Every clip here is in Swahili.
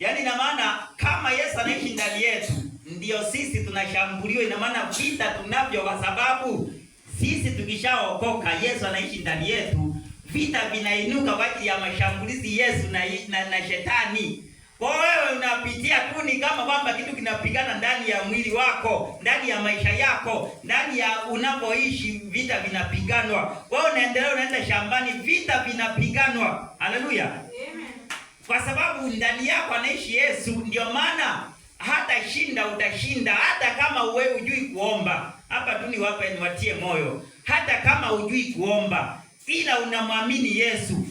Yaani ina maana kama Yesu anaishi ndani yetu, ndio sisi tunashambuliwa. Ina maana vita tunavyo, kwa sababu sisi tukishaokoka, Yesu anaishi ndani yetu, vita vinainuka kwa ajili ya mashambulizi Yesu na, na, na shetani. Kwa wewe unapitia tu ni kama kwamba kitu kinapigana ndani ya mwili wako, ndani ya maisha yako, ndani ya unapoishi, vita vinapiganwa. Wewe unaendelea, unaenda shambani, vita vinapiganwa. Haleluya, amen kwa sababu ndani yako anaishi Yesu. Ndio maana hata shinda utashinda, hata kama uwe hujui kuomba. Hapa tu niwape niwatie moyo, hata kama hujui kuomba, ila unamwamini Yesu,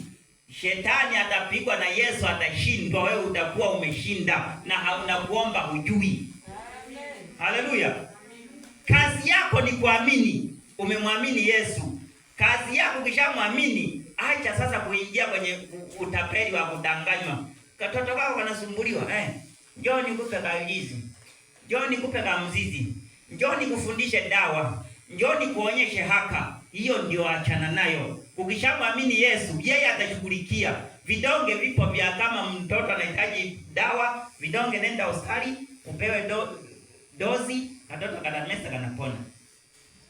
shetani atapigwa na Yesu atashindwa, wewe utakuwa umeshinda na hauna kuomba, hujui. Haleluya! kazi yako ni kuamini. Umemwamini Yesu, kazi yako ukishamwamini acha sasa kuingia kwenye utapeli wa kudanganywa. Katoto kako wanasumbuliwa eh, njoo nikupe kaulizi. njoo nikupe kamzizi, njoo nikufundishe dawa, njoo nikuonyeshe haka. Hiyo ndio achana nayo. Ukishamwamini Yesu, yeye atashughulikia. Vidonge vipo vya kama mtoto anahitaji dawa, vidonge nenda hospitali upewe do, dozi, katoto kadamesa kanapona.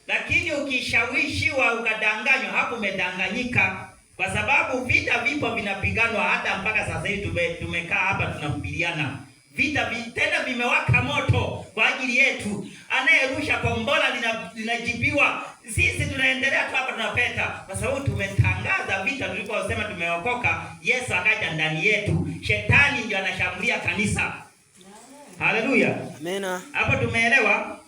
Lakini ukishawishiwa ukadanganywa, hapo umedanganyika. Kwa sababu vita vipo vinapiganwa hata mpaka sasa hivi tume, tumekaa hapa tunahubiriana. Vita vi, tena vimewaka moto kwa ajili yetu. Anayerusha kombola linajibiwa. Sisi tunaendelea tu hapa tunapeta kwa sababu tumetangaza vita tuliposema tumeokoka. Yesu akaja ndani yetu. Shetani ndio anashambulia kanisa. Haleluya. Amina. Hapo tumeelewa?